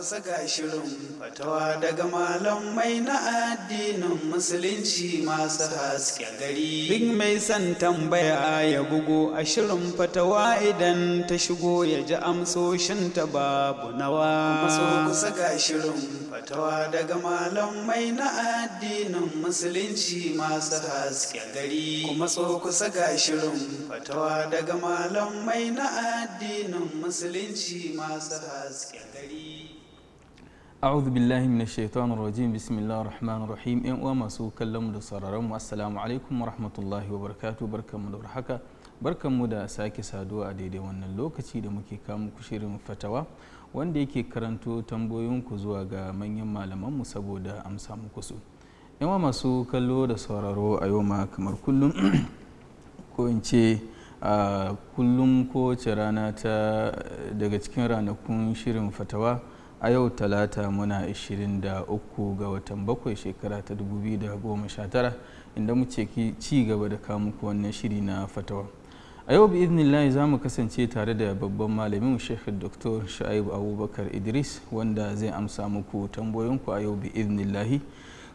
kusa ga shirin fatawa daga malamai na addinin musulunci masu haske gari. Duk mai son tambaya ya bugo a shirin fatawa idan ta shigo ya ji amsoshinta babu nawa. Maso kusa ga shirin fatawa daga malamai na addinin musulunci masu haske gari. Kuma so kusa ga shirin fatawa daga malamai na addinin musulunci masu haske gari. a'udhu billahi minash shaitanir rajim bismillahir rahmanir rahim yan uwa masu kallon mu da sauraron mu assalamu alaikum wa wabarakatuh barkanmu da haka barkanmu da sake saduwa a daidai wannan lokaci da muke kama muku shirin fatawa wanda yake karanto tambayoyinku zuwa ga manyan malaman mu saboda amsa muku su uwa masu kallo da sauraro a yau ma kamar kullum ko in ce kullum kowace rana ta daga cikin ranakun shirin fatawa a yau talata muna 23 ga watan bakwai shekara ta 2019 inda mu ce ci gaba da kamuku wannan shiri na fatawa a yau bi'idnillahi za mu kasance tare da babban malamin sheikh dr sha'ib abubakar idris wanda zai amsa muku tambayoyinku a yau bi'idnillahi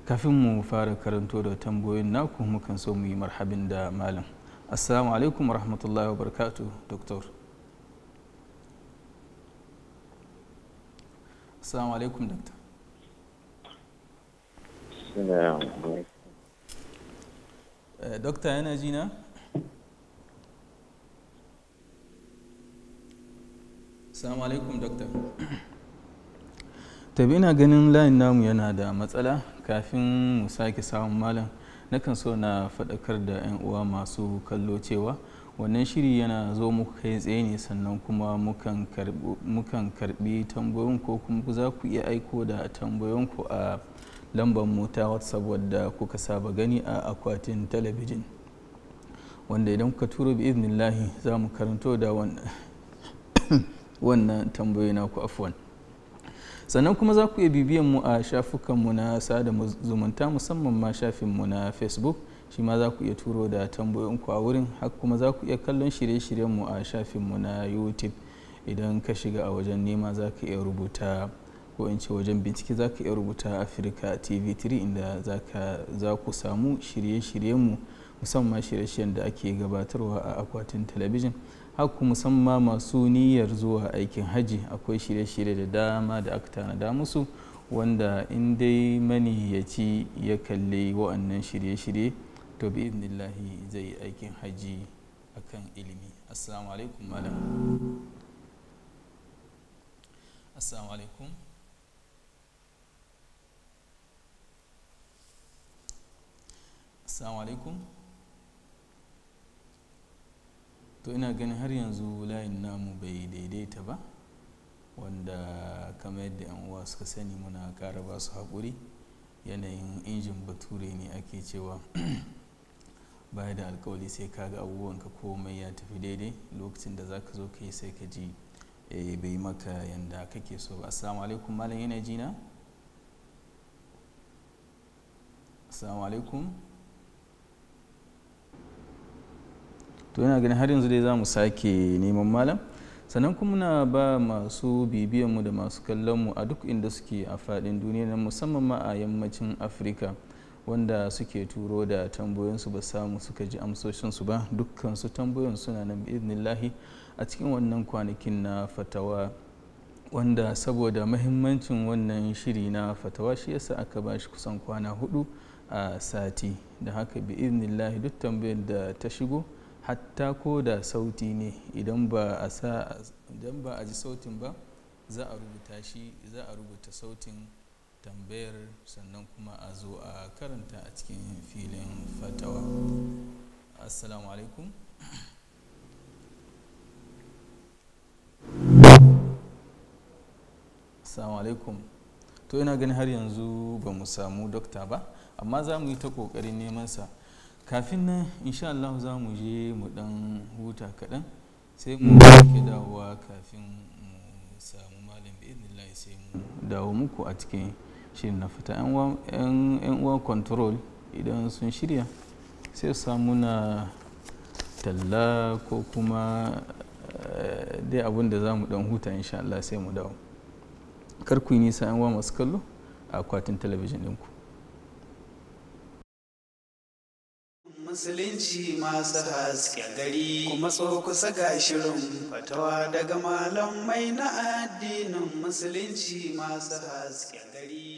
kafin mu fara karanto da tambayoyin naku mukan so mu yi marhabin da malam assalamu alaikum wa barkatu dr assalamu alaikum doctor eh, dokta yana ji na? Assalamu alaikum dokta tabi ina ganin layin namu yana da matsala kafin mu sake samun malam nakan so na faɗakar da 'yan uwa masu kallo cewa wannan shiri yana zo muku kai tsaye ne sannan kuma mukan karbi tambayon ko kuma za ku iya aiko da ku a lambar mota whatsapp wadda kuka saba gani a akwatin talabijin wanda idan kuka turo bi iznillahi za mu karanto da wannan tambayoyi ku afwan sannan kuma za ku iya bibiyan mu a shafukanmu na sada zumunta musamman ma shafinmu na facebook shi ma za ku iya turo da tambayoyinku a wurin haka kuma za ku iya kallon shirye-shiryenmu a shafinmu na youtube idan ka shiga a wajen nema za ka iya rubuta ko in ce wajen bincike za ka iya rubuta afirka tv3 inda za ku samu shirye-shiryenmu musamman shirye-shiryen da ake gabatarwa a akwatin talabijin haka musamman masu niyyar zuwa aikin hajji akwai shirye-shirye da dama da aka tanada musu wanda in dai mani ya kalli wa'annan shirye-shirye to bi idnillahi zai yi aikin haji akan ilimi assalamu alaikum malam assalamu alaikum assalamu alaikum to ina ganin har yanzu layin namu bai daidaita ba wanda kamar yadda yan uwa suka sani muna ƙara ba su haƙuri yanayin injin bature ne ake cewa baya da alkawali sai ka ga abubuwan ka komai ya tafi daidai lokacin da za ka zo ka yi sai ka ji eh, bai maka yanda kake so ba assalamu alaikum malam yana ji na assalamu alaikum to yana ganin har yanzu dai za mu sake neman malam sannan kuma muna ba masu bibiyanmu da masu kallonmu a duk inda suke a faɗin duniya na musamman ma a yammacin afirka wanda suke turo da tambayoyinsu ba samu suka ji amsoshinsu ba dukkansu tambayoyin suna nan bi'iznillahi a cikin wannan kwanakin na fatawa wanda saboda mahimmancin wannan shiri na fatawa shi yasa aka ba shi kusan kwana hudu a sati da haka bi'iznillahi duk tambayar da ta shigo hatta ko da sauti ne idan ba a ji sautin ba za rubuta shi za a rubuta sautin tambayar sannan kuma a zo a karanta a cikin filin fatawa assalamu alaikum assalamu alaikum to ina ganin har yanzu ba mu samu dokta ba amma za mu yi ta ƙoƙarin sa kafin nan insha Allah za mu je mu ɗan huta kaɗan sai mu ke dawowa kafin mu samu malam bi sai mu dawo muku a cikin shi na fita yan uwan control idan sun shirya sai samu na talla ko kuma eh, dai abin da za mu dan huta insha Allah sai mu dawo kar ku yi nisa yan uwa masu kallo a akwatin talabijin ɗinku musulunci masu haske gari kuma so kusa ga shirin fatawa daga malamai na addinin musulunci masu haske gari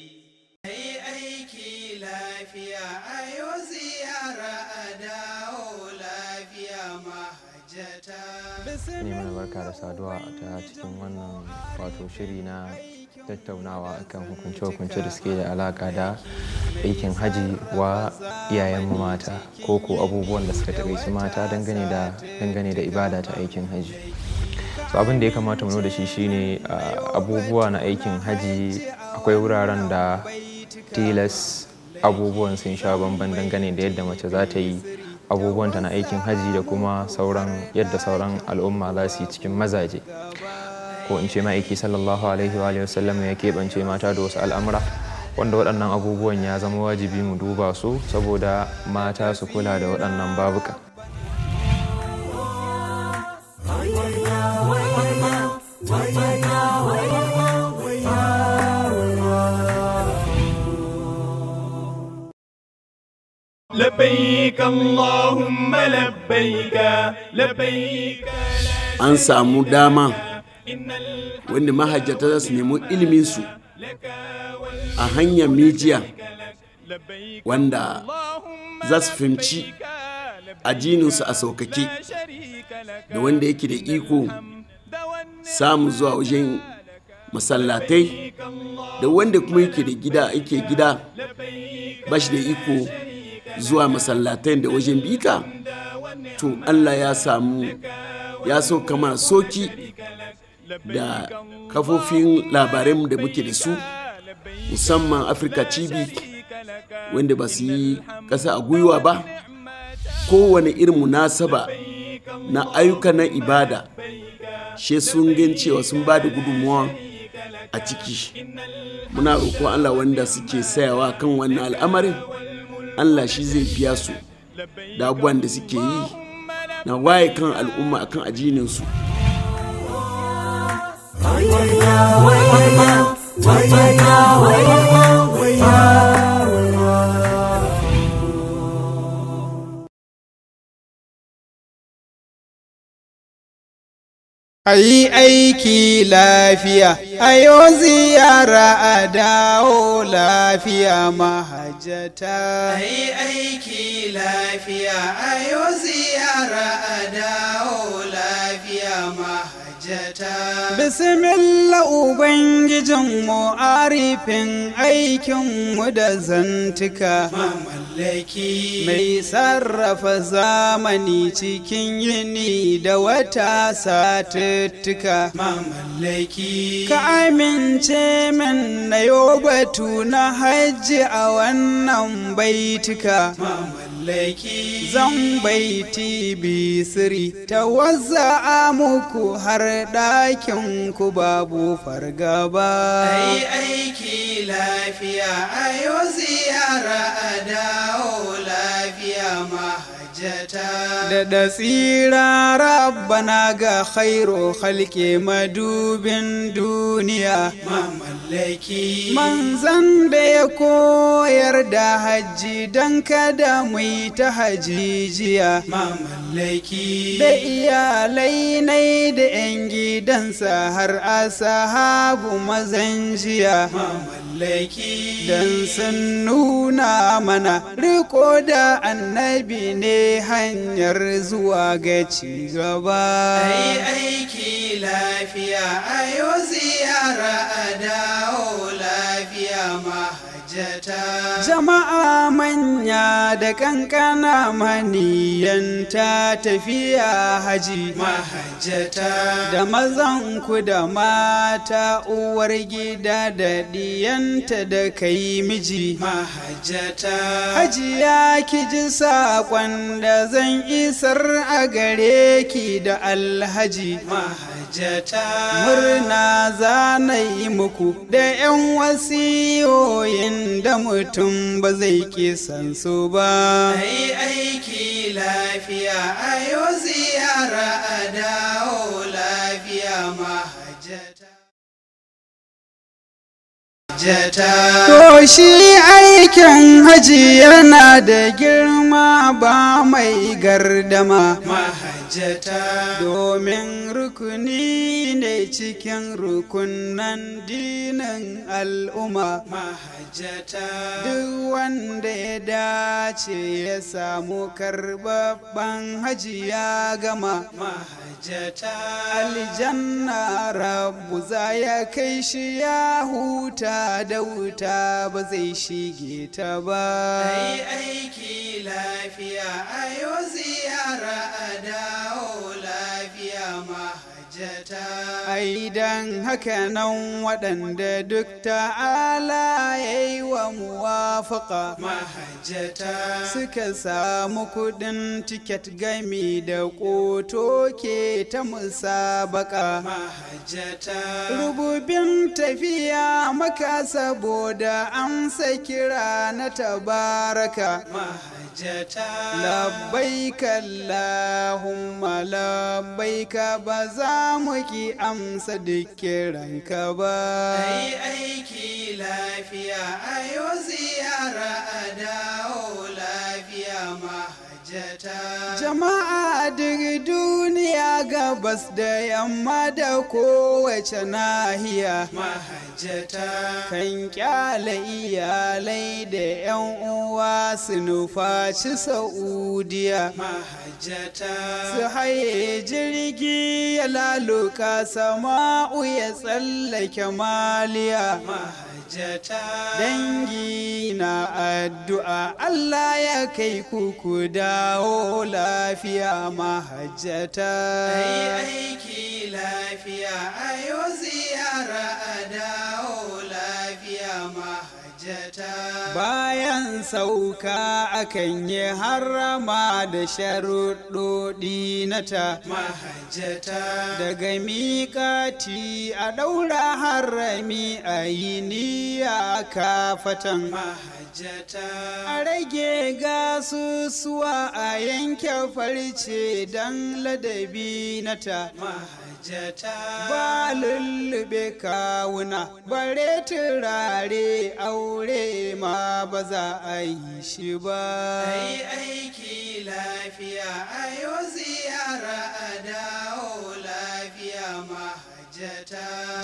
lafiya ayo ziyara a dawo lafiya mahajjata ne mana barka da saduwa ta cikin wannan wato shiri na tattaunawa akan hukunce-hukunce da suke da alaka da aikin haji wa iyayen mata ko ko abubuwan da suka taɓa mata dangane da ibada ta aikin haji so abin da ya kamata mu da shi shine ah, abubuwa na aikin haji akwai wuraren da tilas abubuwan sun sha bamban dangane da yadda mace za ta yi abubuwan ta na aikin haji da kuma sauran yadda sauran al'umma za su yi cikin mazaje ko in ce ma'aiki sallallahu alaihi wa sallam ya keɓance mata da wasu al'amura wanda waɗannan abubuwan ya zama wajibi mu duba su saboda mata su kula da waɗannan babuka labbaik Allahumma labbaik labbaik an samu dama wanda mahajjata za su nemi su a hanyar mijiya wanda za su fahimci ajininsu a saukake da wanda yake da iko samu zuwa wajen masallatai da wanda kuma yake da gida yake gida ba shi da iko zuwa masallatai da wajen bika to allah ya samu ya sauka mana soki da kafofin labaran da muke da su musamman afirka cibi wanda ba su yi ƙasa a gwiwa ba kowane irin munasaba na ayyuka na ibada she sun gan cewa sun ba da gudunmuwa a ciki muna roƙon allah wanda suke sayawa kan wannan al'amarin Allah shi zai biya su da abubuwan da suke yi na waye kan al'umma akan ajininsu su. a yi aiki lafiya a yau ziyara a dawo lafiya mahajjata a yi aiki lafiya a yau ziyara a dawo lafiya mahajjata Bismillah Ubangijinmu arifin aikinmu da zantuka. mai sarrafa zamani cikin yini da wata satuttuka. ka amince min na yau batu na hajji a wannan baituka. laki zan baiti bisiri ta wazza muku har ɗakin ku babu fargaba ai aiki lafiya ayo ziyara a dawo lafiya ma da da tsira rabbana ga khairu halke madubin duniya mamallaki manzan da ya koyar da hajji don kada mu yi ta hajijiya mamallaki da iyalai nai da 'yan gidansa har a sahabu mazan jiya mamallaki don sun nuna mana riko da annabi ne hanyar zuwa ga ci gaba ai aiki lafiya ayo ziyara a dawo jama'a manya da kankana maniyanta tafiya haji mahajjata da mazan ku da mata uwar gida da diyanta da kai miji mahajjata hajiya ki ji saƙon da zan isar a gare ki da alhaji mahajjata murna za na yi muku da 'yan wasiyoyin da mutum ba zai ke san su ba ai aiki lafiya yau ziyara a dawo lafiya mahajjata To shi aikin haji yana da girma ba mai gardama. hajjata domin rukuni ne cikin rukunan dinan al'umma mahajjata duk wanda ya dace ya samu karbabban haji ya gama mahajjata aljanna rabu za ya kai shi ya huta da wuta ba zai shige ta ba ai aiki lafiya ayo ziyara ai hakanan haka nan waɗanda duk ta'ala ya yi wa muwafaka mahajjata suka samu kuɗin tiket gami da ƙoto ke ta musabaka mahajjata rububin tafiya maka saboda an sai kira na tabaraka mahajjata hajjata labbaika Allahumma labbaika ba za mu ki amsa duk ka ba ai aiki lafiya ayo ziyara a dawo lafiya ma jama'a a duk duniya gabas da yamma da kowace nahiya mahajjata kan kyale iyalai da yan uwa su nufaci sa'udiya mahajjata su haye jirgi ya laluka sama'u ya tsallake maliya mahajjata dangi na addu'a Allah ya kai ku ku dawo lafiya mahajjata ai aiki lafiya ayo ziyara a dawo lafiya mahajjata bayan sauka akan yi harama da sharuɗoɗi na ta mahajjata daga miƙati a ɗaura harami a yi niyya kafatan a rage gasusuwa a yanke farce don ladabi na ta ba lullube kawuna bare turare aure ma ba za a yi shi ba ai aiki lafiya a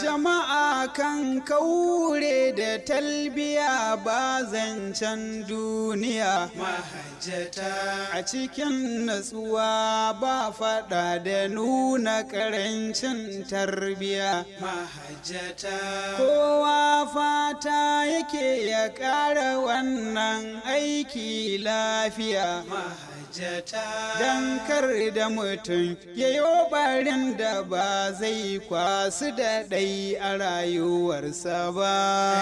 jama'a kan kaure da talbiya ba zancen duniya mahajjata a cikin natsuwa ba faɗa da nuna ƙarancin tarbiya mahajjata kowa fata yake ya ƙara wannan aiki lafiya mahajjata don kar da mutum ya yi barin da ba zai kwasu da ɗai a rayuwarsa ba.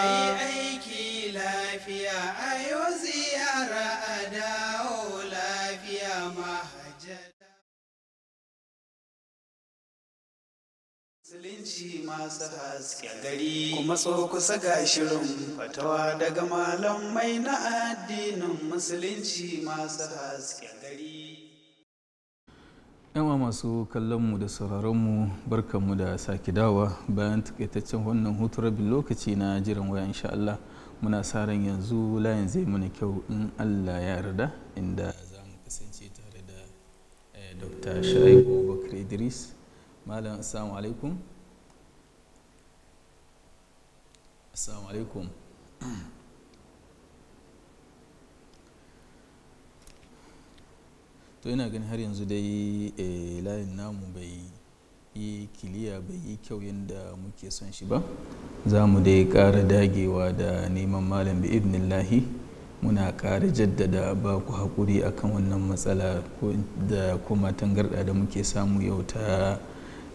Kai aiki lafiya a yau ziyara a dawo lafiya ma. Musulunci masu haske gari kuma so kusa ga shirin fatawa daga malamai na addinin musulunci masu haske gari. yawa masu kallonmu da sauraronmu barkanmu da sake dawa bayan takaitaccen wannan hutu rabin lokaci na jiran waya insha Allah muna sa ran yanzu layin zai mana kyau in Allah ya yarda inda za mu kasance tare da eh, Dr. Shaibu Bakar Idris malam assalamu alaikum assalamu alaikum to ina ganin har yanzu dai eh, layin namu bai yi kiliya bai yi kyau yadda muke son shi ba za mu dai ƙara dagewa da neman malam bi ibnillahi muna kara jaddada ba ku haƙuri akan wannan matsala da kuma tangarɗa da muke samu yau ta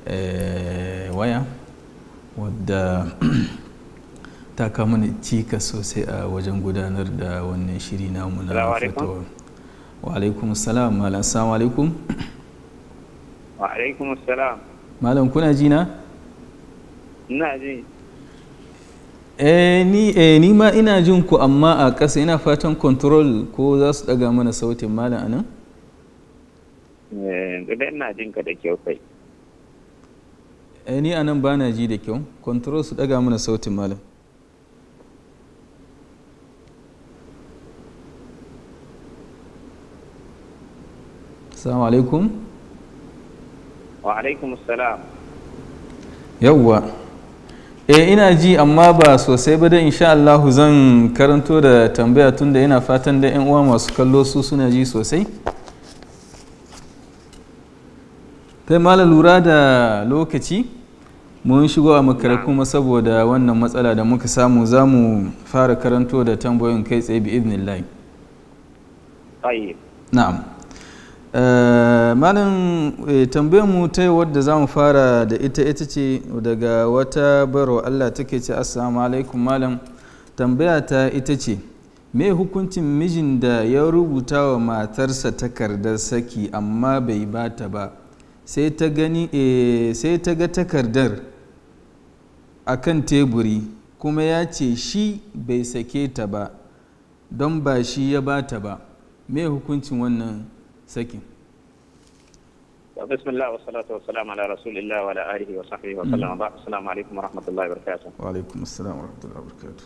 Eh, waya wadda ta kama ni cika sosai a wajen gudanar da wannan shiri namu na fatawa wa alaikum salam malam assalamu alaikum wa alaikum salam malam kuna ji na ina ji eh ni eh, ma ina jin ku amma a ƙasa ina fatan control ko za su daga mana sautin malam anan eh ina jin ka da kyau kai Eh, ni a nan ba na ji da kyau control su daga mana sautin malam assalamu alaikum wa alaikum assalam yawwa eh ina ji amma ba sosai ba da insha Allah zan karanto da tambaya tunda ina fatan da 'yan uwa masu kallo su suna ji sosai tai mala lura da lokaci mun shigo a makare kuma saboda wannan matsala da muka samu za mu fara karanto da tambayoyin kai tsaye bi lai na'am eh, malin eh, tambayar mu ta wadda za mu fara da ita ita ce daga wata baro allah take ce assalamu alaikum malam tambaya ta ita ce me hukuncin mijin da ya rubuta wa matarsa takardar saki amma bai bata ba sai ta gani eh, sai ta ga takardar a kan teburi kuma ya ce shi bai sake ta ba don ba shi ya ba ta ba mai hukuncin wannan sakin bismillah wa salatu wa salam ala rasulillah wa ala wa sahbihi wa sallam mm. ba assalamu alaikum wa rahmatullahi wa barakatuh wa alaikum assalam wa rahmatullahi wa barakatuh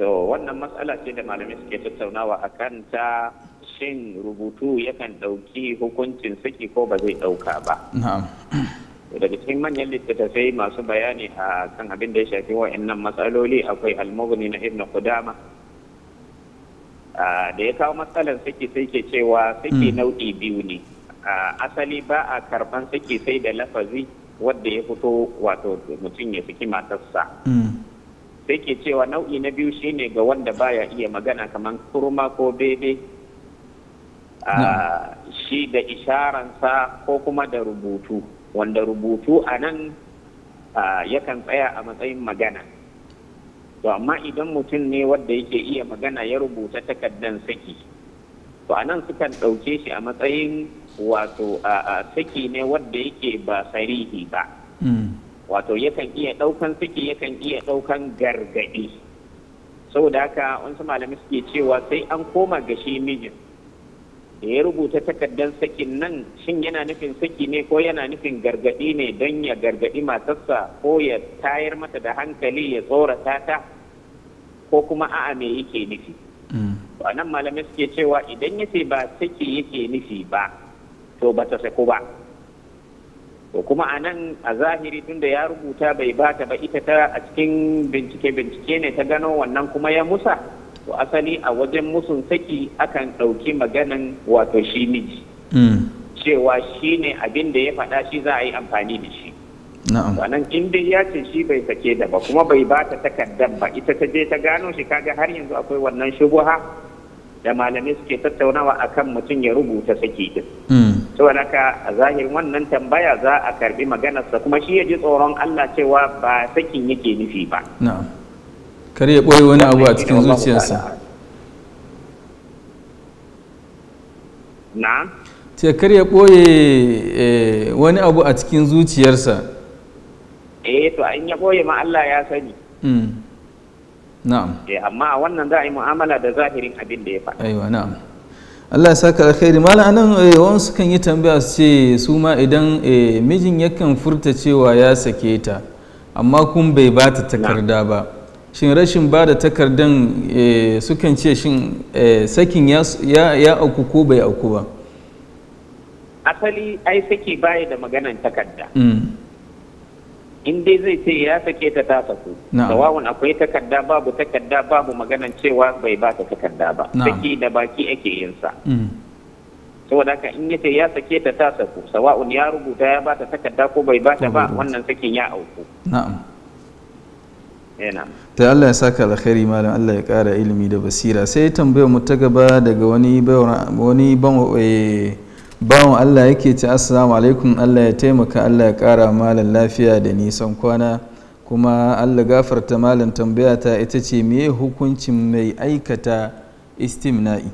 to wannan matsala ce da malamai suke tattaunawa a kan ta shin rubutu yakan ɗauki hukuncin saki ko ba zai ɗauka ba daga cikin manyan littattafai masu bayani a kan abin da ya shafi wa'annan matsaloli akwai almogini na ibn kudama da ya kawo matsalar saki sai ke cewa saki hmm. nau'i biyu ne asali ba a karban saki sai da lafazi wadda ya fito wato mutum ya saki matarsa hmm. sai ke cewa nau'i na biyu shine ga wanda baya iya magana kamar kurma ko bebe Ah, shi da isharansa ko kuma da rubutu wanda rubutu a nan ah, yakan tsaya a matsayin magana to amma idan mutum ne wadda yake iya magana ya rubuta takardan saki to a nan sukan ɗauke shi a matsayin wato saki ne wadda yake ba sarihi ba hmm. wato yakan iya ɗaukan saki yakan iya ɗaukan gargaɗi saboda haka wasu malamai suke cewa sai an koma ga shi mijin da ya rubuta takardar sakin nan shin yana nufin saki ne ko yana nufin gargadi ne don ya gargadi matarsa ko ya tayar mata da hankali ya tsorata ta ko kuma a'a me yake nufi mm. a nan malamai suke cewa idan ya ce ba saki yake nufi ba to ba ta sako ba to kuma a nan a zahiri tunda ya rubuta bai bata ba ita ta a cikin bincike bincike ne ta gano wannan kuma ya musa to asali a wajen musun saki akan ɗauki maganan wato shi miji mm. cewa shi ne abin da ya faɗa shi za a yi amfani da shi wannan in dai ya ce shi bai sake da ba kuma bai bata ta ba ita ta je ta gano shi kaga har yanzu akwai wannan shubuha da malamai suke tattaunawa akan mutum ya rubuta saki din saboda mm. haka a zahirin wannan tambaya za a karbi maganarsa kuma shi ya ji tsoron Allah cewa ba sakin yake nufi ba kar ya ɓoye wani abu a cikin zuciyarsa na ce kar ya ɓoye eh, wani abu a cikin zuciyarsa eh to an ya ɓoye ma Allah ya sani hmm. na'am eh amma a wannan za a yi mu'amala da zahirin abin da ya faɗa aiwa na'am Allah ya saka alkhairi mala anan eh, wani sukan yi tambaya su ce su ma idan eh, mijin yakan furta cewa ya sake ta amma kun bai ba ta takarda ba shin rashin ba da takardan eh, sukan ce shin eh, sakin ya auku ko bai auku ba asali ai saki baya da maganan takarda mm. in dai zai ce ya sake ta ta saku tawawun akwai takarda babu takarda babu maganan cewa bai ba ta takarda ba saki da baki ake yin sa mm. saboda haka in yace ya sake ta ta saku sawa'un ya rubuta ya ba ta takarda ko bai ba ta ba wannan sakin ya auku na'am eh, ta Allah ya saka alkhairi malam Allah ya kara ilimi da basira sai tambayarmu mu ta gaba daga wani eh, bawan Allah yake ce assalamu alaikum Allah ya taimaka Allah ya kara malam lafiya da nisan kwana kuma Allah gafarta malam tambaya ta ita ce me hukuncin mai aikata istimna'i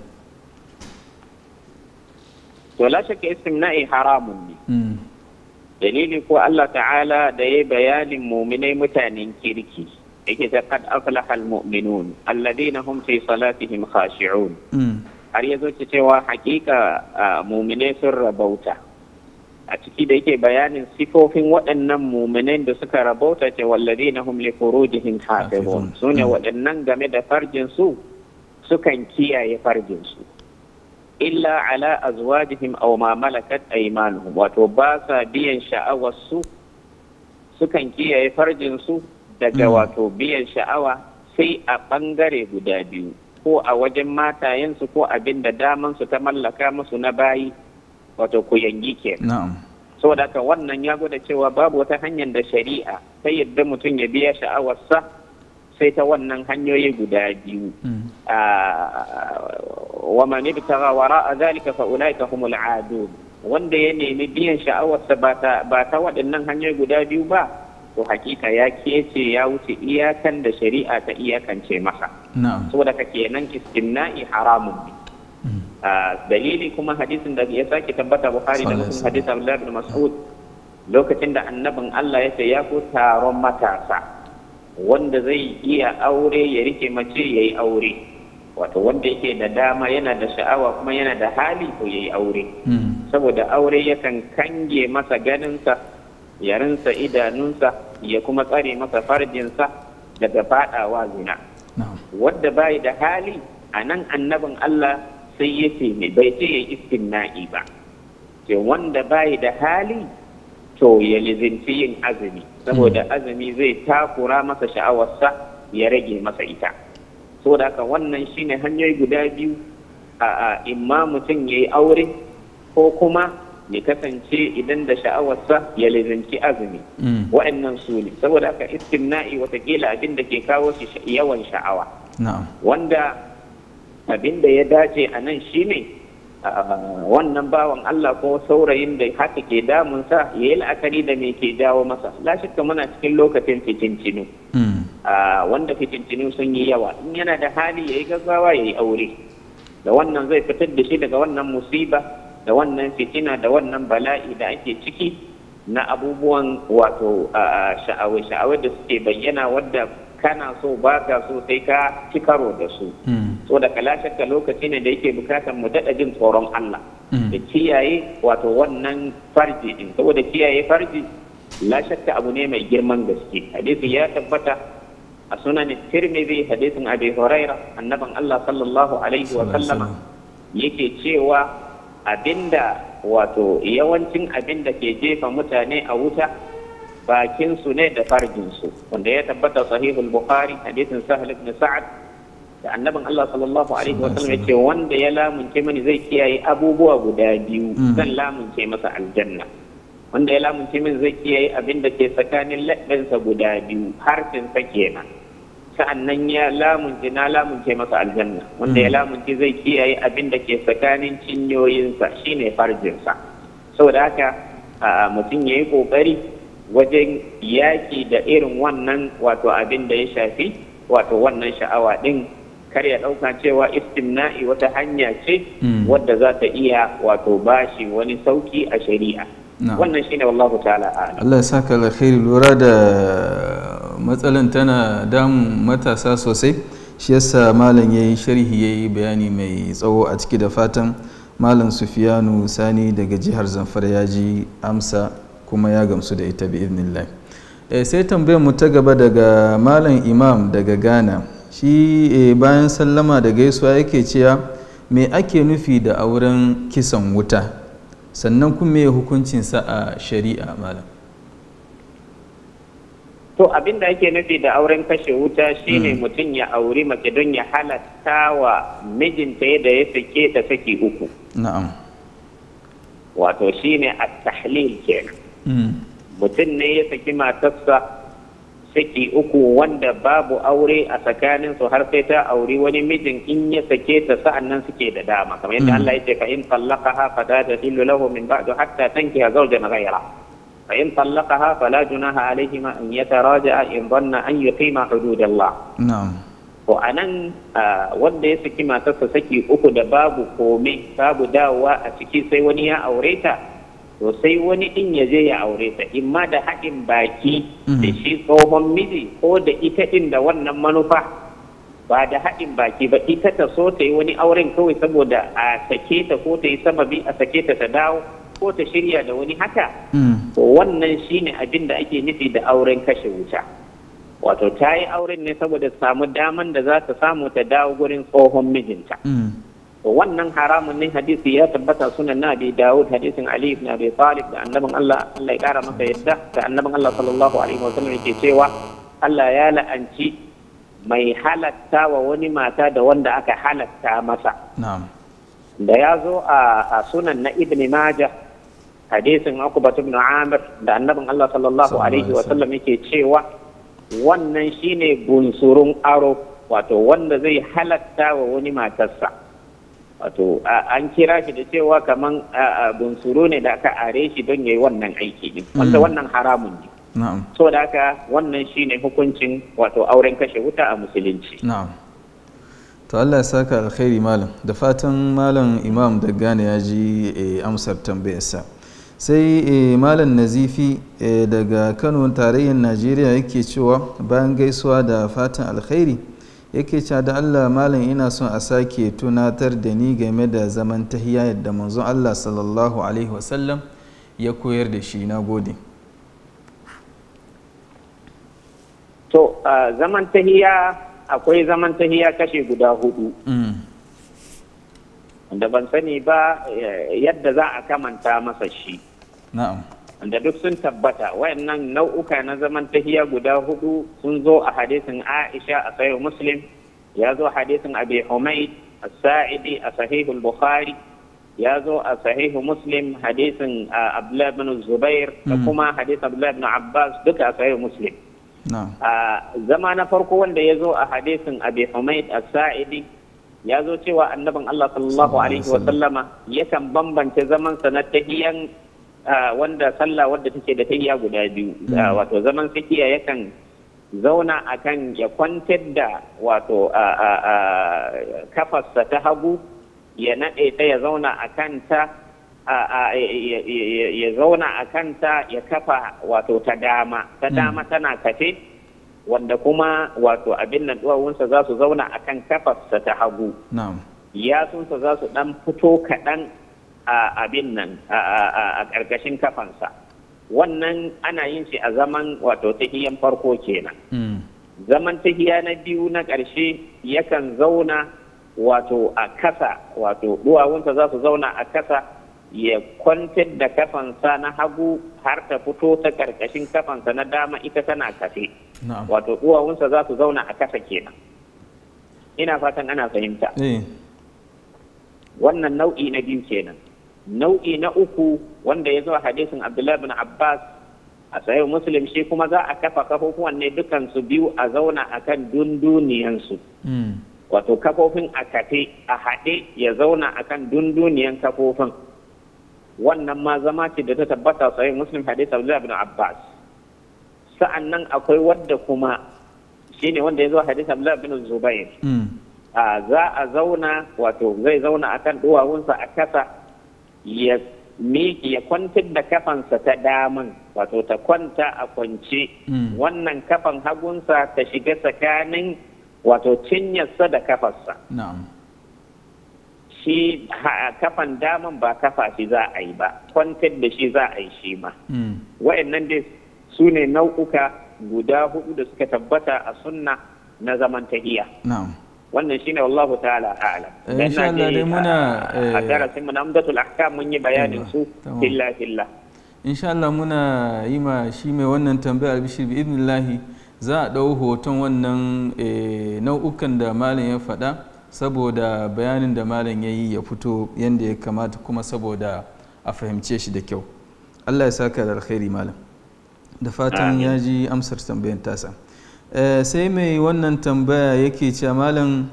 to la shakka istimna'i haramun ne hmm. dalili ko Allah ta'ala da ya bayanin muminai mutanen kirki yake ta kad aflaha almu'minun alladhina hum fi salatihim khashi'un hmm. har yazo ce cewa hakika ah, mu'mine sun rabauta a ah, ciki da yake bayanin sifofin waɗannan mu'minin da suka rabauta ce walladhina hum li furujihim hafizun sune hmm. waɗannan game da farjin su sukan kiyaye farjin su illa ala azwajihim aw ma malakat aymanuhum wato ba sa biyan sha'awar sukan kiyaye farjin su daga mm. wato biyan sha'awa sai a ɓangare guda biyu ko a wajen matayensu ko abin da damansu ta mallaka musu na bayi wato ku yangi saboda haka wannan ya gwada cewa babu wata hanyar da shari'a ta yadda mutum ya biya sha'awarsa sai ta wannan hanyoyi guda biyu mm. wa bita ibtagha a zalika fa ulaika humul adun wanda ya nemi biyan sha'awarsa ba ta waɗannan hanyoyi guda biyu ba to hakika ya kece ya wuce iyakan da shari'a ta iyakance masa saboda ka kenan istimna'i haramun ne hmm. dalili kuma hadisin da ya sake tabbata bukhari da muslim hadisi abdullahi bin mas'ud lokacin da annabin Allah ya ce ya ku taron matasa wanda zai iya aure ya rike mace ya yi aure wato wanda yake da dama yana da sha'awa kuma yana da hali ko yi aure hmm. saboda aure yakan kange masa ganinsa ya rinsa idanunsa ya kuma tsare masa farjinsa daga fadawa zina wadda bai da hali a nan annabin Allah sai ya ce mai bai ce ya na'i ba ce wanda bai da hali to ya lizinci yin azumi saboda hmm. azumi zai takura masa sha'awarsa ya rage masa ita da haka wannan shine hanyoyi guda biyu a imma mutum ya yi aure ko kuma ya kasance idan da sha'awarsa ya lezanci azumi mm. wa'annan su ne saboda haka na'i watakila abin da ke kawo shi yawan sha'awa wanda abin da ya dace a nan shi ne wannan bawan Allah ko saurayin da haka ke damunsa ya yi la'akari da me ke jawo masa la muna cikin lokacin fitintinu mm. wanda fitintinu sun yi yawa in yana da hali ya yi gaggawa ya yi aure da wannan zai fitar da shi daga wannan musiba da wannan fitina da wannan bala'i da ake ciki na abubuwan wato sha'awai-sha'awai da suke bayyana wadda kana so ba ka so sai ka ci karo da su hmm. so da kalashakka lokaci ne da yake bukatar mu daɗa jin tsoron Allah hmm. da kiyaye wato wannan farji din saboda kiyaye farji lashakka abu ne mai girman gaske hadisi ya tabbata a sunan tirmidhi hadisin abi Hurairah annaban Allah sallallahu alaihi wa sallama yake cewa abinda wato yawancin abinda ke jefa mutane a wuta bakinsu ne da farjinsu wanda ya tabbata sahihul bukhari hadisin sahal ibn sa'ad da annabin Allah sallallahu alaihi wa sallam yace wanda ya lamunce mani zai kiyaye abubuwa guda biyu mm. zan lamunce masa aljanna wanda ya lamunce mani zai kiyaye abinda ke tsakanin labbinsa guda biyu harfinsa kenan sa'an nan ya lamunce na lamunce masa aljanna wanda ya hmm. lamunce zai kiyaye abin da ke tsakanin cinyoyinsa shine farjinsa saboda haka mutum ya yi kokari wajen yaƙi da irin wannan wato abin da ya shafi wato wannan sha'awa ɗin kar ya ɗauka cewa istimna'i wata hanya ce hmm. wadda za ta iya wato bashi wani sauki a shari'a wannan shine wallahu ta'ala Allah ya saka alkhairi lura da matsalan tana damun matasa sosai shi yasa malam ya yi sharhi ya yi bayani mai tsawo a ciki da fatan malam sufiyanu sani daga jihar zamfara ya ji amsa kuma ya gamsu da ita bi e, sai tambayar mu ta gaba daga malam imam daga ghana shi eh, bayan sallama da gaisuwa yake cewa me ake nufi da auren kisan wuta sannan kuma ya hukuncinsa a shari'a malam To abin da ake nufi da auren kashe wuta shine hmm. mutum ya auri mace don ya halatta wa mijinta yadda ya sake ta saki uku. Na'am. Wato shine a tahlil kenan. Hmm. Mutum ne ya saki matarsa saki uku wanda babu aure a tsakanin su har sai ta auri wani mijin in ya sake ta sa'an nan suke da dama kamar yadda hmm. Allah ya ce ka in ha fa da lahu min ba'du hatta tankiha zawjan ghayra. فإن طلقها فلا جناح عليهما أن يتراجع إن ظن أن يقيم حدود الله نعم ko a nan wanda ya saki matarsa saki uku da babu kome babu dawowa a ciki sai wani ya aure ta sai wani in ya je ya aure ta in ma da haɗin baki da shi tsohon miji ko da ita ɗin da wannan manufa ba da haɗin baki ba ita ta so ta yi wani auren kawai saboda a sake ta ko ta yi sababi a sake ta ta dawo ko ta shirya da wani haka mm. wannan shine abin da ake nufi da auren kashe wuta wato ta yi auren ne saboda samu daman da za ta samu ta dawo gurin tsohon mijinta mm. wannan haramun ne hadisi ya tabbata sunan na bi Dawud hadisin Ali ibn Abi Talib da annabin Allah Allah ya kara masa yadda da annabin Allah sallallahu alaihi wa sallam yake cewa Allah ya la'anci mai halatta wa wani mata da wanda aka halatta masa da ya zo a sunan na Ibn Majah hadisin Uqbah ibn Amir da annabin Allah sallallahu alaihi wa sallam yake cewa wannan shine bunsurun aro wato wanda zai halatta wa wani matarsa wato an kira shi da cewa kaman bunsuru ne da aka are shi don yayi wannan aiki din hmm. wanda wannan haramun ne so da haka wannan shine hukuncin wato auren kashe wuta a musulunci na'am to Allah ya saka alkhairi malam da fatan malam imam da gane ya ji eh, amsar tambayarsa sai eh, malam nazifi eh, daga kano tarayyar najeriya yake cewa bayan gaisuwa da fatan alkhairi yake cewa da allah malam ina son a sake tunatar da ni game da zaman tahiya yadda manzon allah sallallahu alaihi wasallam ya koyar da shi na gode to zaman tahiya akwai zaman tahiya kashe guda hudu mm. da ban sani ba eh, yadda za a kamanta masa shi da duk sun tabbata wayannan nau'uka na zaman tahiya guda hudu sun zo a hadisin aisha a sayo muslim ya zo hadisin abi humaid a saidi a sahihul bukhari ya zo a sahihu muslim hadisin uh, abdullah bin zubair da hmm. kuma hadisin abdullah bin abbas duka a sahihu muslim uh, zama na farko wanda ya zo a hadisin abi humaid a saidi ya zo cewa annabin Allah sallallahu alaihi wa sallama yakan bambance zaman sa na tahiyan ah, wanda sallah wadda take da tahiya guda biyu hmm. ah, wato zaman sakiya yakan zauna akan ya kwantar da wato ah, kafarsa ta hagu ya naɗe ta ya zauna a kanta ya zauna a kanta ya kafa wato ta dama ta hmm. dama tana kafe wanda kuma wato abin nan duwawunsa za su zauna a kan kafarsa ta hagu yatsunsa za su ɗan fito kaɗan a abin nan a ƙarƙashin kafansa wannan ana yin shi a zaman wato tahiyan farko kenan mm. zaman tahiya na biyu na ƙarshe yakan zauna wato a kasa wato duwawunsa za su zauna a kasa ya kwantar da kafansa na hagu har ta fito ta ƙarƙashin kafansa na dama ita tana kafe. wato uwawunsa za su zauna a kasa kenan ina fatan ana fahimta eh. wannan nau'i na biyu kenan nau'i na uku wanda ya zo hadisin abdullahi bin abbas a sayo muslim shi kuma za a kafa kafofin ne dukansu biyu a zauna a kan dunduniyansu hmm. wato kafofin a kafe a haɗe ya zauna a kan dunduniyan kafofin wannan ma zama ce da ta tabbata sayo muslim hadis abdullahi bin abbas sa'an nan akwai wadda kuma shi ne wanda ya zo hadis Abdullahi bin Zubair mm. za a zauna wato zai zauna a kan duwawunsa a kasa ya miki ya kwantar da kafansa ta daman wato ta kwanta a kwance mm. wannan kafan hagunsa ta shiga tsakanin wato cinyarsa da kafarsa shi kafan daman ba kafa shi za a yi ba kwantar da shi za a yi shi ma mm. nan dai su ne nau'uka guda hudu da suka tabbata a sunna na zaman tahiya wannan shine wallahu ta'ala a'lam eh, insha Allah dai muna a eh, darasin mun amdatul ahkam mun yi bayanin su illa illa insha Allah muna yi ma shi mai wannan tambayar bishir bi idnillah za a dau hoton wannan eh, nau'ukan da malam ya faɗa saboda bayanin da malam ya yi ya fito yadda ya kamata kuma saboda a fahimce shi da kyau Allah ya saka da alkhairi malam da fatan ya ji amsar tambayan tasa eh, sai mai wannan tambaya yake cewa malam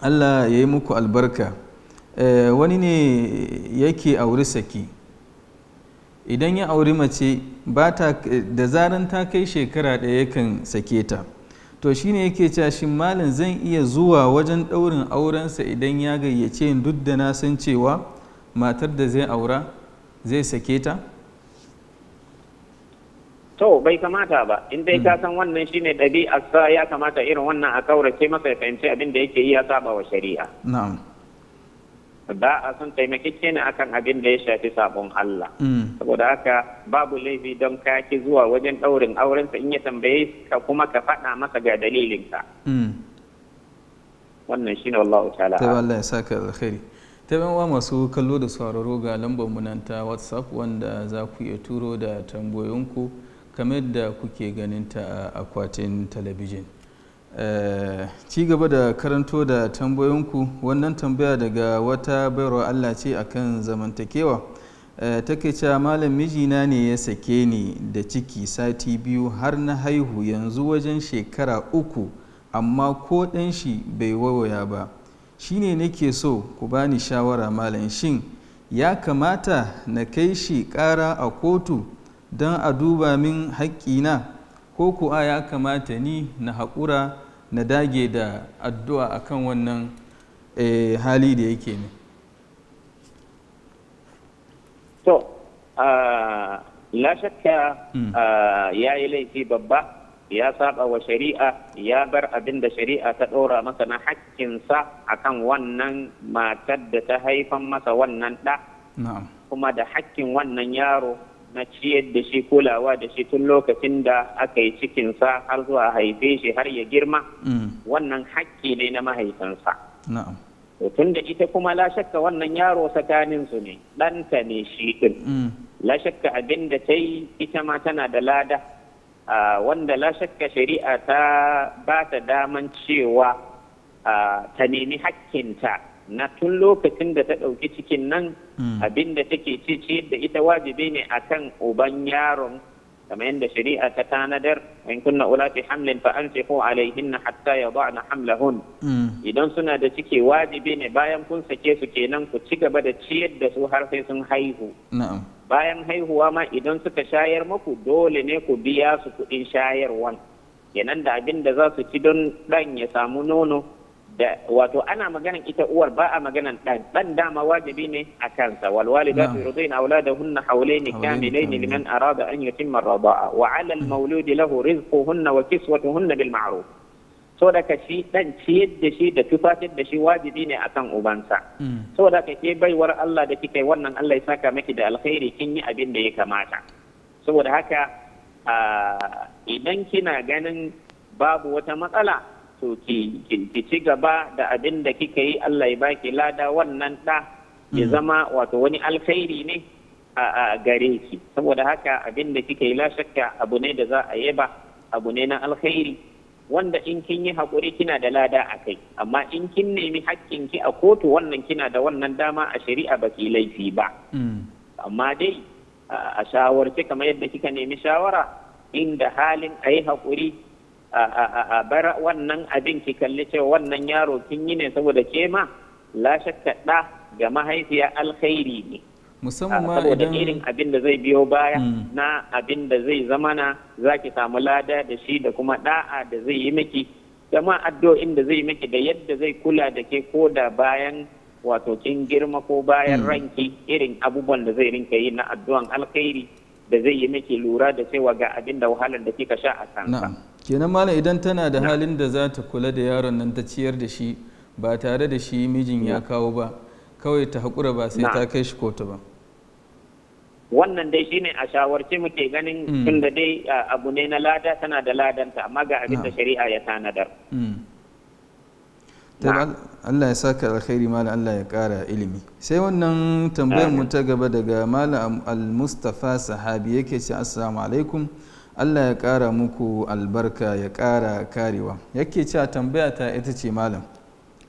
allah ya yi muku albarka eh, wani ne yake auri saki idan ya auri mace da zaran ta kai shekara ɗaya yakan sake ta to shine yake cewa shin malam zan iya zuwa wajen ɗaurin aurensa idan ya gayyace duk da na san cewa matar da zai aura zai sake ta to bai kamata ba in dai ka hmm. san wannan shine ɗabi'arsa ya kamata irin wannan a kaurace masa ya fahimci abin da yake yi ya saba wa shari'a ba a son taimakeke ne akan abin da ya shafi sabon Allah. Hmm. Saboda haka babu laifi don kaki zuwa wajen ɗaurin aurensa in ya tambaye ka kuma ka faɗa masa ga dalilinka. Hmm. Wannan shine wallahu ta'ala. Ta Allah ya saka alkhairi. Ta wa masu kallo da sauraro ga lambar mu nan ta WhatsApp wanda za ku iya turo da tambayoyinku. kamar da kuke ganinta a akwatin talabijin eh, ci gaba da karanto da tambayoyinku wannan tambaya daga wata bayarwa allah ce akan zamantakewa eh, take cewa malam mijina ne ya sake ni da ciki sati biyu har na haihu yanzu wajen shekara uku amma ko dan shi bai wawaya ba shine nake so ku bani shawara malam shin ya kamata na kai shi kara a kotu don a duba min haƙƙina ko kuwa ya kamata ni na haƙura na dage da addu'a akan wannan eh, hali da yake ne to la shakka hmm. ya yi laifi babba ya saba wa shari'a ya bar abin da shari'a ta ɗora masa na haƙƙinsa akan wannan matar da ta haifan masa wannan ɗa kuma da haƙƙin wannan yaro na ciyar da shi kulawa da shi tun lokacin da aka yi cikinsa har zuwa haife shi har ya girma mm. wannan hakki ne na mahaifinsa tun da ita kuma la wannan yaro tsakaninsu ne ɗanta ne shi ɗin mm. la abin da ta yi ita ma tana da lada wanda la shari'a ta ba ta daman cewa ta nemi hakkinta na tun lokacin da ta ɗauki cikin nan hmm. abin da take cici da ita wajibi ne a kan uban yaron kamar yadda shari'a ta tanadar in kunna fi hamlin fa alaihin na hatta na hamlahun hmm. idan suna da cike wajibi ne bayan kun sake su kenan ku ci gaba da ciyar da su har sai sun haihu bayan haihuwa ma idan suka shayar maku dole ne ku biya su kuɗin shayarwan kenan da abin da za su ci don ɗan ya samu nono da wato ana maganan ita uwar ba a maganan dan dan dama wajibi ne a kansa wal walidatu yurdina auladahunna hawlayn kamilayn liman arada an yutimma ar-rida'a wa 'ala al-mawludi lahu rizquhunna wa kiswatuhunna bil ma'ruf so da ka shi dan ciyar da shi da tufatar da shi wajibi ne akan ubansa mm. so da ka ke baiwar Allah da kika wannan Allah ya saka miki da alkhairi kin yi abin da ya kamata saboda haka ah, idan kina ganin babu wata matsala wato ki ci gaba da abin da kika yi Allah ya baki lada wannan ɗa ya mm. zama wato wani alkhairi ne a gare ki saboda haka abin da kika yi la shakka abu ne da za a yaba abu ne na alkhairi wanda in kin yi hakuri kina da lada a kai amma in kin nemi ki a kotu wannan kina da wannan dama a shari'a baki laifi ba mm. amma dai a shawarce kamar yadda kika nemi shawara inda halin a yi hakuri. a bar wannan abin ki kalli cewa wannan yaro kin yi ne saboda ke ma la shakka da ga mahaifiya alkhairi ne musamman idan irin abin da zai biyo baya hmm. na abin da zai zamana zaki samu lada da shi da kuma da'a da zai yi miki da ma addu'o'in da zai miki da yadda zai kula da ke ko da bayan wato kin girma ko bayan hmm. ranki irin abubuwan da zai rinka yi na addu'an alkhairi da zai yi miki lura da cewa ga abin da wahalar da kika sha a kansa. kenan malam idan tana da halin da za ta kula da yaron nan ta ciyar da shi ba tare da shi mijin ya kawo ba kawai ta haƙura ba sai ta kai shi kotu ba wannan dai shine a shawarce muke ganin mm. tun da dai abu ne na lada tana da ladanta amma ga abin da shari'a ya tanadar mm. Allah ya saka alkhairi malam Allah ya kara ilimi sai wannan tambayar mu ta gaba daga malam al-Mustafa sahabi yake ce assalamu alaikum Allah ya ƙara muku albarka ya ƙara karewa yake cewa tambaya ta ita ce malam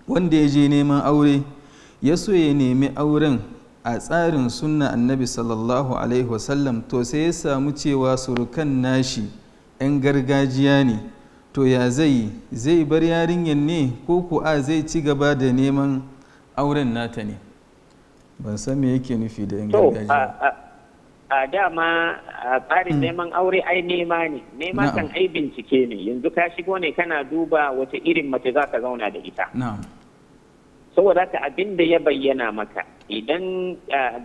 wanda ya je neman aure ya so ya nemi auren a tsarin sunna annabi sallallahu alaihi wasallam to sai ya samu cewa surukan nashi 'yan gargajiya ne to ya zai zai bar yarinyar ne ko ku'a zai ci gaba da neman auren nata ne ban san me yake nufi da 'yan gargajiya a dama tsarin mm. neman aure ai nema ne nema kan ai bincike ne yanzu ka shigo ne kana duba wata irin mace za ka zauna da ita saboda haka abin da ya bayyana maka idan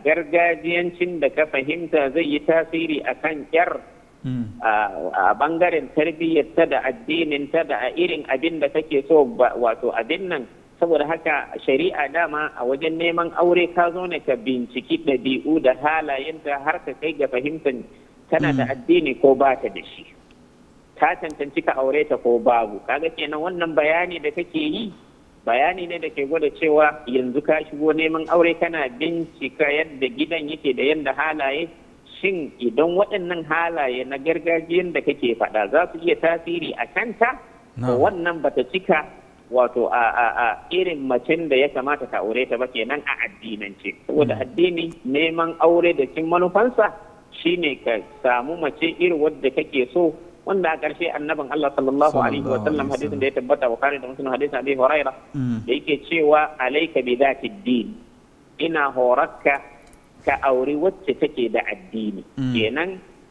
gargajiyancin da ka fahimta zai yi tasiri a kan kyar mm. a bangaren tarbiyyar ta da addininta da a irin abin da kake so wato abin nan saboda haka shari'a dama a wajen neman aure ka zo ne ka binciki ɗabi'u da halayen da har ka kai ga fahimtar tana da mm. addini ko ba ta da shi ka tantanci ka aure ta ko babu kaga kenan wannan bayani da kake yi bayani ne da ke gwada cewa yanzu ka shigo neman aure kana bincika yadda gidan yake da yadda halaye shin idan waɗannan halaye na gargajiyan da kake faɗa za su iya tasiri a kanta wannan bata cika wato a irin macen da ya kamata ka aure ta ba kenan a addinance saboda hmm. addini neman aure da cin manufansa shine ka samu mace irin wadda kake so wanda a ƙarshe annabin Allah sallallahu alaihi wa sallam hadisin da ya tabbata Bukhari da Muslim hadisin Abi Hurairah hmm. da yake cewa alayka bi dhati din ina horarka ka aure wacce take da addini hmm. kenan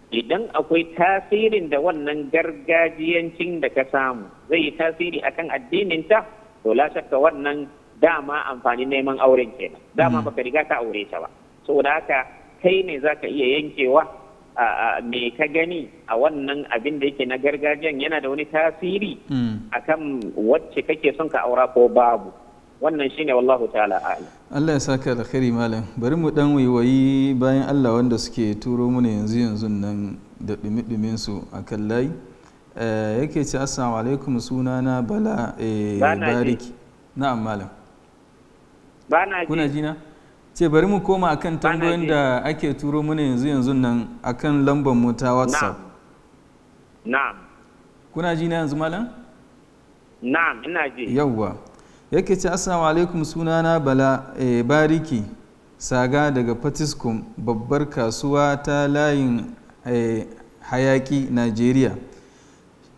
idan akwai tasirin da wannan gargajiyancin da ka samu zai yi tasiri akan addininta to la shakka wannan dama amfani neman auren kenan dama hmm. baka riga ka aure ta ba saboda haka kai ne zaka iya yankewa me ka gani a wannan abin da yake na gargajiyan yana da wani tasiri hmm. akan wacce kake son ka aura ko babu wannan shine wallahu ta'ala a'lam Allah ya saka kari malam bari mu dan waiwayi bayan Allah wanda suke turo mana yanzu yanzu nan da dumi-dumin su akan layi eh, yake ce assalamu alaikum na bala eh, bariki na'am malam bana kuna jina ce bari mu koma akan tambayoyin da ake turo mana yanzu yanzu nan akan lambar mu ta WhatsApp na'am kuna jina yanzu malam na'am ina ji yawwa yake ce assalamu alaikum sunana bala e, bariki saga daga patiskum babbar kasuwa ta layin e, hayaki nigeria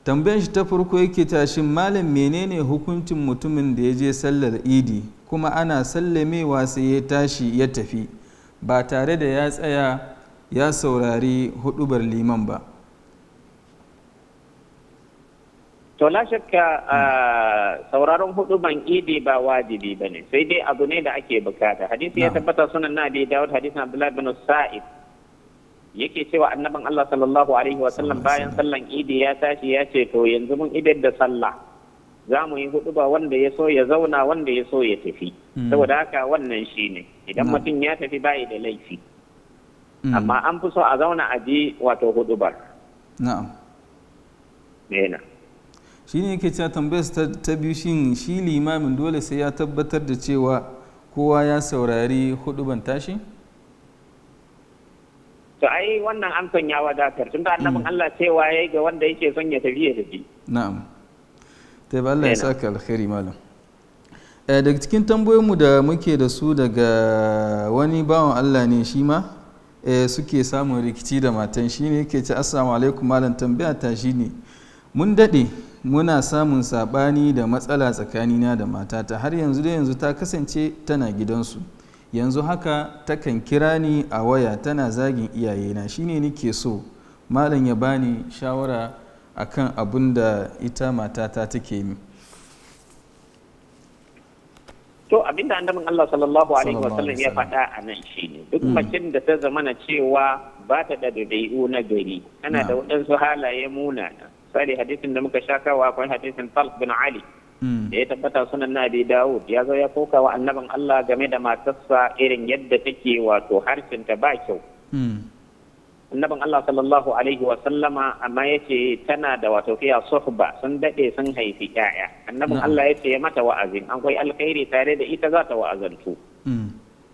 tambayan shi ta farko yake tashin malam menene hukuncin mutumin da ya je sallar idi kuma ana sallamewa sai ya tashi ya tafi ba tare da ya tsaya ya saurari hudubar liman ba To la shakka sauraron hudu idi ba wajibi ba ne sai dai abu ne da ake bukata. Hadisi ya tabbata sunan na Abi Dawud na Abdullahi bin Sa'id yake cewa annaban Allah sallallahu alaihi wa bayan sallan idi ya tashi ya ce to yanzu mun idar da sallah za mu yi hudu ba wanda ya so ya zauna wanda ya so ya tafi hmm. saboda haka wannan shi ne idan mutum ya tafi bayi da laifi hmm. amma an fi so a zauna a ji wato ba. na'am shi ne yake cewa tambayar ta biyu shin shi limamin dole sai ya tabbatar da cewa kowa ya saurari huduban tashi? to ai wannan amsan ya wadatar tun da hmm. annabin Allah cewa yayi ga wanda yake son ya tafi ya tafi na'am ba Allah ya saka alkhairi malam eh, daga cikin tambayoyinmu da muke da su daga wani bawan Allah ne shi ma eh, suke samun rikici da matan shi ne yake ci assalamu alaikum malam tambaya ta shi ne mun daɗe muna samun saɓani da matsala tsakanina da matata har yanzu da yanzu ta kasance tana gidansu yanzu haka takan kira ni a waya tana zagin iyayena shine nike so malam ya bani shawara akan abin da ita matata take mi to abin da annabin Allah sallallahu alaihi wa sallam ya faɗa a nan shine duk mm. macin da ta zamana cewa ba ta da dai'u na gari tana da waɗansu halaye munana sai hadisin da muka sha kawo akwai hadisin Talq bin Ali hmm. da ya tabbata sunan Nabi Dawud ya zo ya koka wa annaban Allah game da matarsa irin yadda take wato ta ba kyau hmm. Annaban Allah sallallahu alaihi wa sallama amma yace tana da wato kiya suhba sun dade sun haifi yaya annaban Allah yace ya mata wa'azin an kai alkhairi tare da ita za ta wa'azantu hmm.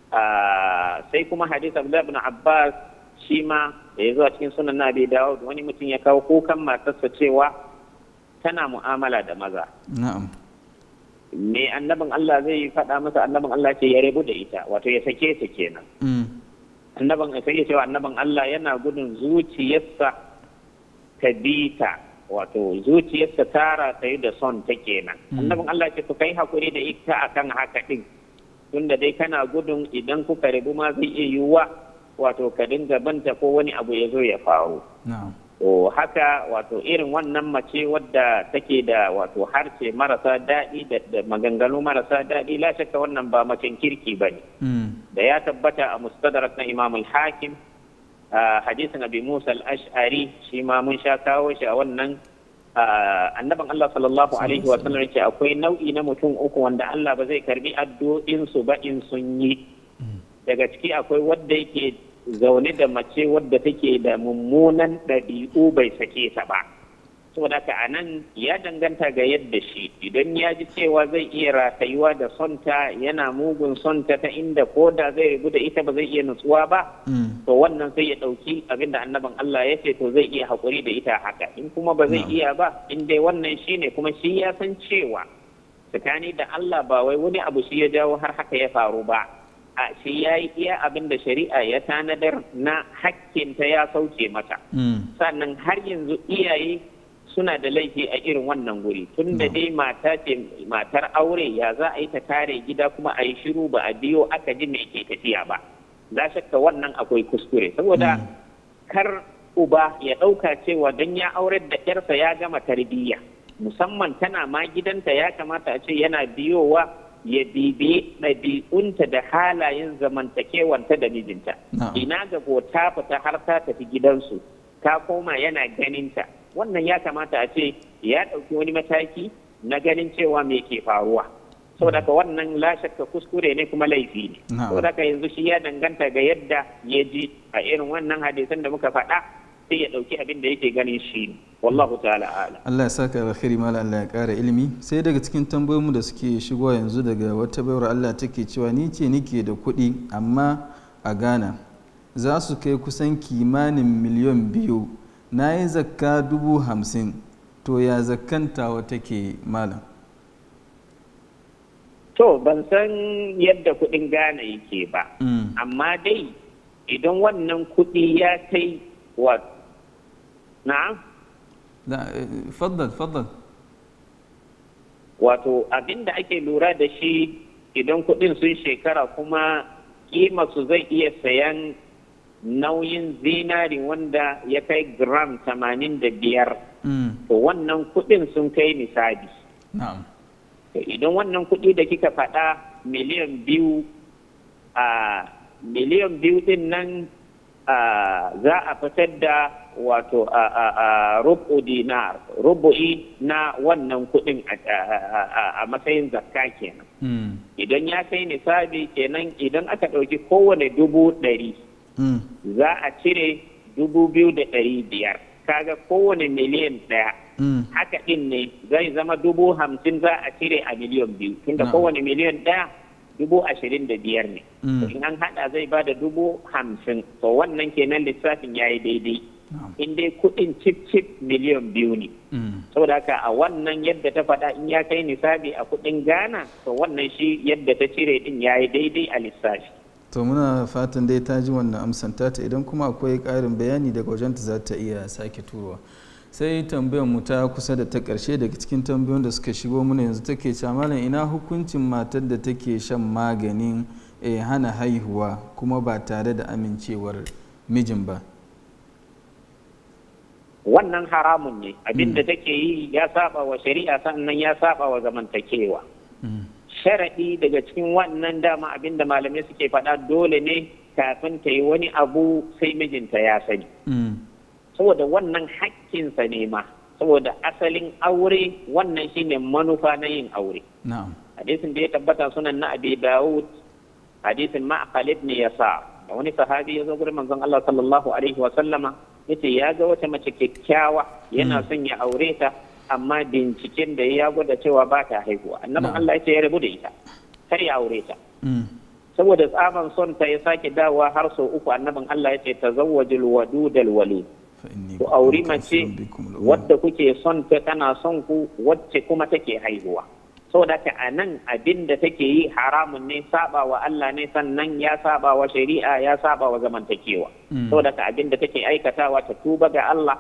ah, sai kuma hadith Abdullah ibn Abbas shi ma da eh, ya zuwa cikin sunan na bai dawo da wani mutum ya kawo kukan matarsa cewa tana mu'amala da maza me annabin Allah zai faɗa masa annabin Allah ce ya rabu da ita wato ya sake ta kenan mm. annabin sai ya cewa annabin Allah yana gudun zuciyarsa ta bi ta wato zuciyarsa tara ta da son ta kenan mm. annabin Allah ce ku kai hakuri da ita akan haka din tunda dai kana gudun idan kuka rabu ma zai iya yiwuwa wato ka dinga banta ko wani abu ya zo ya faru O haka wato irin wannan mace wadda take da wato harce marasa daɗi da maganganu marasa daɗi la shakka wannan ba macen kirki ba ne hmm. da ya tabbata a mustadrak na imam al-hakim hadisin abi musa al-ash'ari shi ma mun sha kawo shi a wannan annaban Allah sallallahu alaihi wa sallam yake akwai nau'i na mutum uku wanda Allah ba zai karbi addu'in ba in sun yi daga ciki akwai wadda yake zaune da mace wadda take da mummunan ɗabi'u bai sake ta ba saboda ka a ya danganta ga yadda shi idan ya ji cewa zai iya ratayuwa da sonta yana mugun sonta ta inda ko da zai rubu da ita ba zai iya nutsuwa ba mm. to wannan sai ya ɗauki abin da annaban Allah ya ce to zai iya haƙuri da ita haka in kuma ba zai iya ba in dai wannan shi ne kuma shi ya san cewa tsakani da Allah ba wai wani abu shi ya jawo har haka ya faru ba shi ya yi iya abin da shari'a ya tanadar na hakkinta ya sauke mata mm. sannan har yanzu iyaye suna da laifi a irin wannan guri tun da mm. dai mata ce matar aure ya za a yi ta kare gida kuma a yi shiru ba a biyo aka ji mai ke tafiya ba za shakka wannan akwai kuskure saboda mm. kar uba ya ɗauka cewa don ya aurar da 'yarsa ya gama tarbiyya musamman tana ma gidanta ya kamata a ce yana biyowa ya bibi ɗabi'unta da halayen zamantakewanta da mijinta ina ga ko ta fita har ta tafi gidansu ta koma yana ganinta wannan ya kamata a ce ya ɗauki wani mataki na ganin cewa mai ke faruwa saboda ka wannan lashakka kuskure ne kuma laifi ne saboda ka yanzu shi ya danganta ga yadda ya ji a irin wannan hadisan da muka faɗa sai ya ɗauki abin da yake ganin shi wallahu ta'ala ala Allah ya saka alkhairi mala Allah ya ƙara ilimi sai daga cikin tambayoyinmu da suke shigowa yanzu daga wata bayar Allah take cewa ni ce nike da kuɗi amma a Ghana za su kai kusan kimanin miliyan biyu na yi zakka dubu hamsin to ya zakkantawa take malam to ban san yadda kuɗin Ghana yake ba mm. amma dai idan wannan kuɗi ya kai wato Eh, wato abin da ake lura da shi idan kuɗin sun shekara kuma kima su zai iya sayan nauyin zinari wanda ya kai gram tamanin da biyar mm. to wannan kuɗin sun kai nisabi to idan wannan kuɗi da kika faɗa miliyan biyu a miliyan biyu din nan za a fitar da wato rubu dinar rubu'i na wannan kudin a matsayin zakka kenan hmm. idan ya kai nisabi kenan idan aka ɗauki kowane dubu ɗari hmm. za a cire dubu biyu da ɗari biyar kaga kowane miliyan ɗaya hmm. haka ɗin ne zai zama dubu hamsin za a cire a miliyan biyu tunda kowane miliyan ɗaya dubu ashirin da biyar ne mm. in an hada zai ba da dubu hamsin to wannan kenan lissafin ya yi daidai in dai kudin cip cip miliyan biyu ne mm. saboda haka a wannan yadda ta faɗa in ya kai nisabi a kudin ghana to wannan shi yadda ta cire din ya yi daidai a lissafi to muna fatan dai ta ji wannan amsantata ta idan kuma akwai ƙarin bayani daga wajenta za ta iya sake turowa sai tambayar mu ta kusa da ta karshe daga cikin tambayoyin da suka shigo mana yanzu take cewa malam ina hukuncin matar da take shan maganin e, hana haihuwa kuma ba tare da amincewar mijin ba wannan haramun ne mm. abin da take yi ya saba wa shari'a sannan ya saba wa zamantakewa mm. sharaɗi daga cikin wannan dama abin da malamai suke faɗa dole ne kafin ta yi wani abu sai mijinta ya sani mm. saboda wannan sa ne ma saboda asalin aure wannan shine manufa na yin aure hadisin da ya tabbata sunan na abi dawud hadisin ma khalid ne yasa da wani sahabi ya zo gurin manzon Allah sallallahu alaihi wa sallama yace ya ga wata mace kyakkyawa yana hmm. son ya aure ta amma binciken da ya gwada cewa ba ta haihuwa annabin Allah yace ya rabu da ita kar ya aure ta hmm. saboda tsaban son ta ya sake dawowa har sau uku annabin Allah ya ce yace tazawwajul wadudal walid ku auri mace wadda kuke son ta tana son ku wacce kuma take haihuwa saboda ka a nan abin da take yi haramun ne saba wa Allah ne sannan ya saba wa shari'a ya saba wa zamantakewa hmm. saboda ka abin da take aikatawa ta tuba ga Allah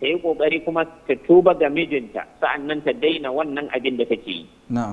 ta yi kokari kuma ta tuba ga mijinta nan ta daina wannan abin da take yi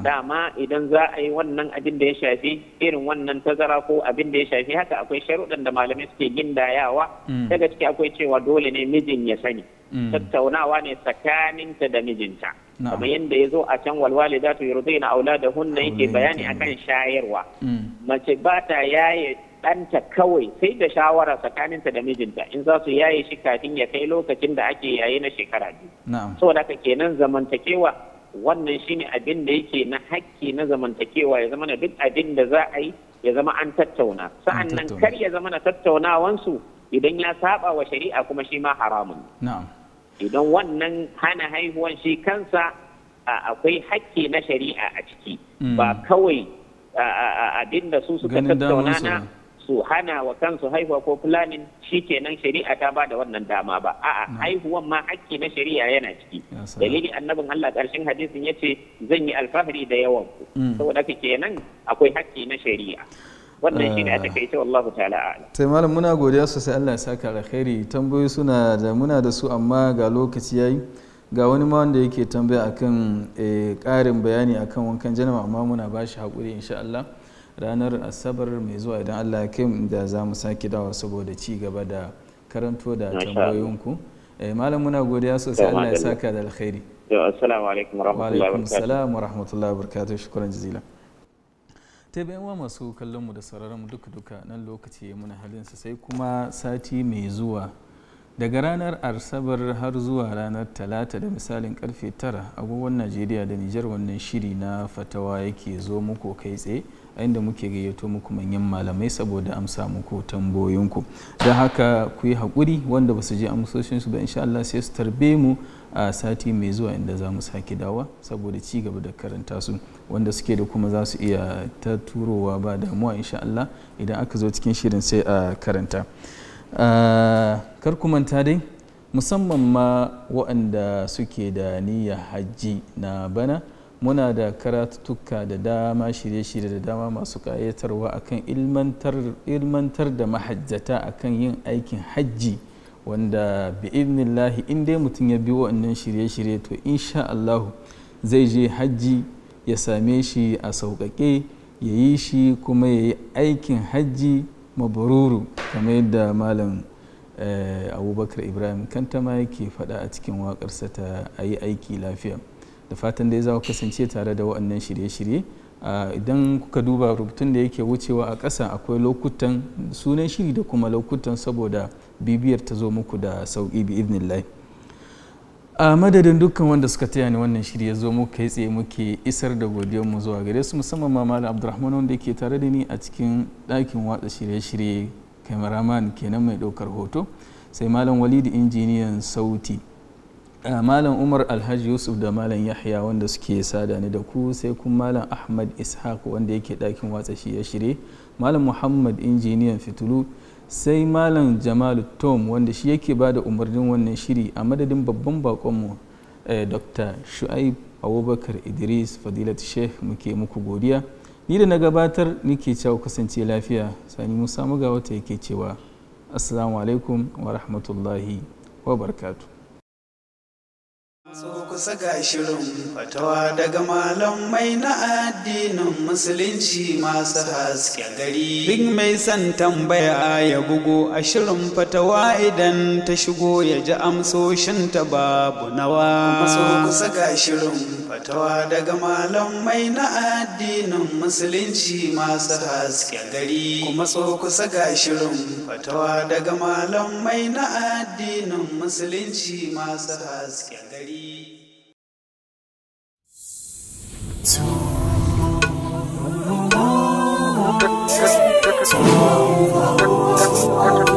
dama idan za a yi wannan abin da ya shafi irin wannan tazara ko abin da ya shafi haka akwai sharuɗan da malamai suke gindayawa mm. daga ciki akwai cewa dole ne mijin ya sani mm. tattaunawa ne tsakaninta da mijinta kamar yadda ya zo a can walwale za ta yi rudina aula da hunna yake bayani akan shayarwa mm. mace ba ta yaye ɗanta kawai sai da shawara tsakaninta da mijinta in za su yaye shi kafin ya kai lokacin da ake yaye na shekara biyu. da haka kenan zamantakewa wannan shine abin da yake na hakki na zamantakewa ya zama na duk abin da za a yi ya zama an tattauna. Sa'an nan kar ya zama na tattaunawansu idan ya saba wa shari'a kuma shi ma haramun. Idan wannan hana haihuwan shi kansa akwai hakki na shari'a a ciki hmm. ba kawai abin da su suka tattauna na su hana wa kansu haihuwa ko fulanin shikenan shari'a ta ba da wannan dama ba a'a hmm. haihuwan ma hakki na shari'a yana ciki dalili annabin Allah karshen hadisin ce zan yi alfahari da yawan ku hmm. saboda ke kenan akwai hakki na shari'a wannan shi ne a eh. takaice wallahu ta'ala a'lam sai malam muna godiya sosai Allah ya saka alkhairi tambayoyi suna da muna da su amma ga lokaci yayi ga wani ma wanda yake tambaya akan karin eh, bayani akan wankan janaba amma muna bashi hakuri insha Allah ranar asabar mai zuwa idan allah ya kai da za mu sake dawa saboda ci gaba da karanto da tambayoyinku eh, malam muna godiya sosai allah ya saka da alkhairi assalamu alaikum wa rahmatullahi shukran jazila ta bayan wa masu kallon mu da sauraron mu duka duka nan lokaci ya muna halin sa sai kuma sati mai zuwa daga ranar arsabar har zuwa ranar talata da misalin karfe tara agogon najeriya da nijar wannan shiri na fatawa yake zo muku kai tsaye a inda muke gayyato muku manyan malamai saboda amsa muku tambayoyinku don haka ku yi haƙuri wanda ba su je amsoshin su ba insha Allah sai su tarbe mu a sati mai zuwa inda za mu sake dawa saboda ci gaba da karanta su wanda suke da kuma za su iya ta turowa ba damuwa insha Allah idan aka zo cikin shirin sai a karanta kar ku manta dai musamman ma waɗanda suke da niyyar hajji na bana muna da karatuttuka da dama shirye-shirye da dama masu ƙayatarwa akan ilmantar da mahajjata akan yin aikin hajji wanda bi'idnillahi in dai mutum ya bi waɗannan shirye-shirye to insha Allah zai je hajji ya same shi a sauƙaƙe ya yi shi kuma ya yi aikin hajji mabaruru kamar yadda malam eh, abubakar ibrahim kantama yake faɗa a cikin waƙarsa ta a yi aiki lafiya da fatan dai za ku kasance tare da waɗannan shirye-shirye idan kuka duba rubutun da yake wucewa a ƙasa akwai lokutan sunan shiri da kuma lokutan saboda bibiyar ta zo muku da sauƙi bi idnillah a madadin dukkan wanda suka taya ni wannan shirya zo mu kai tsaye muke isar da mu zuwa gare su musamman ma malam abdulrahman wanda yake tare da ni a cikin ɗakin watsa shirye-shirye kamaraman kenan mai ɗaukar hoto sai malam walidi injiniyan sauti Ah, malam umar alhaji yusuf da malam yahya wanda suke sada ni da ku sai kun malam ahmad ishaq wanda yake ɗakin watsa shi ya shirye malam muhammad injiniyan fitulu sai malam jamalu tom wanda shi yake ba da umarnin wannan shiri a madadin babban bakonmu eh, dr shu'aib abubakar idris fadilat sheikh muke muku godiya ni da na gabatar nike cewa kasance lafiya sani musa ga wata yake cewa assalamu alaikum wa rahmatullahi wa barkatu so kusa ga shirin fatawa daga mai na addinin musulunci masu haske gari. Bin mai son tambaya ya bugu a shirin fatawa idan ta shigo ya ji amsoshin ta babu nawa. so kusa ga shirin fatawa daga mai na addinin musulunci masu haske gari. Kuma so kusa ga shirin fatawa daga mai na addinin musulunci masu haske gari. It's over.